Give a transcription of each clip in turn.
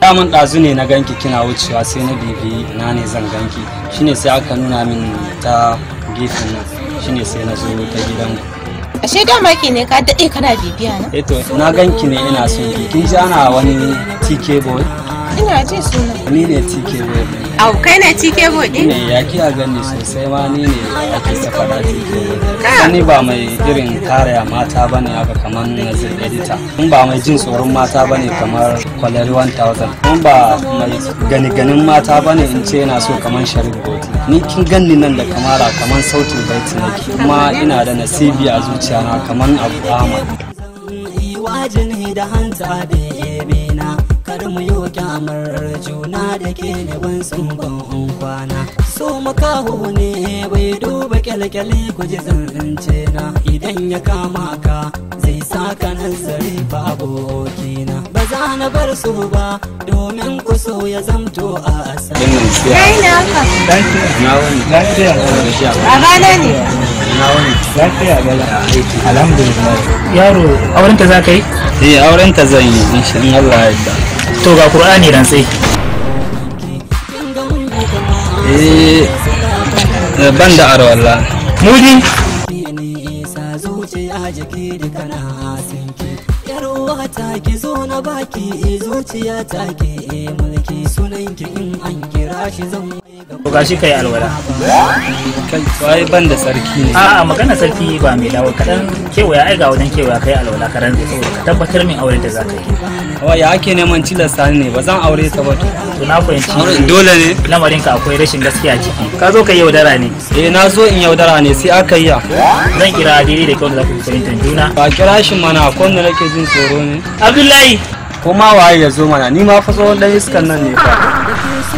daman ɗazu ne na ganki kina wucewa sai na bibi na ne zan ganki shine sai aka nuna min ta gefen nan shine sai na zo ta gidan mu. ashe dama ke ne ka daɗe kana bibiya na eto eh na ganki ne ina so ki kin ji ana wani tk boy ina ji suna ni ne tk boy au kai na tk boy ɗin? ne ya kiya gani sosai ma ni ne ake safara tk boy ni ba mai irin karaya mata ba ne haka kamar nazir edita in ba mai jin tsoron mata ba ne kamar kwalari 1000 in ba mai gani-ganin mata ba ne in ce yana so kamar sharif goti ni kin ganni nan da kamara kamar sautin baiti nake kuma ina da nasibi a zuciyana kamar abu ahmad wajin da hanta da yebe kar mu yi kyamar juna da ke neman ban kwana so makaho ne bai duba kyalkyali ku ji zance na idan ya kama ka zai saka nazari babu kina ba za na bar su ba domin ku so ya zamto a na lafiya a rana ne alhamdulillah yaro auren ta za ka yi eh auren ta zan yi in Allah ya yarda to ga qur'ani rantsi eh, eh ban da aro Allah mudi ta zo na baki zuciya ta ke mulki sunan ki in an kira shi zan Ko gashi kai alwala. Kai wai ban da sarki ne. A'a magana sarki ba mai dawo kadan kewaya ai ga wajen kewaya kai alwala karan da saboda ka tabbatar min aure da zaka yi. Wa ya ake neman tilasta ne ba zan aure ta ba to. na fahimci. Dole ne. Lamarin ka akwai rashin gaskiya ciki. Ka zo ka yaudara ne. Eh na zo in yaudara ne sai aka yi Zan kira daidai da kyau da za ku fahimtar juna. Ba kira shi mana ko wanda nake jin tsoro ne. Abdullahi. Ko ma waye ya zo mana ni ma fa tsohon dan iskan nan ne fa.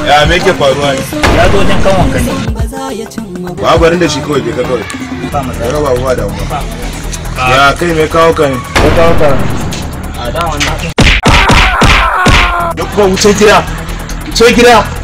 ya me ke faruwa ne ya zo wajen kan wanka ne ba barin da shi kawai je ka kawai ba matsala raba ba da ba ya kai me kawo ka ne ka kawo ka a da wannan da kuma wuce gida wuce gida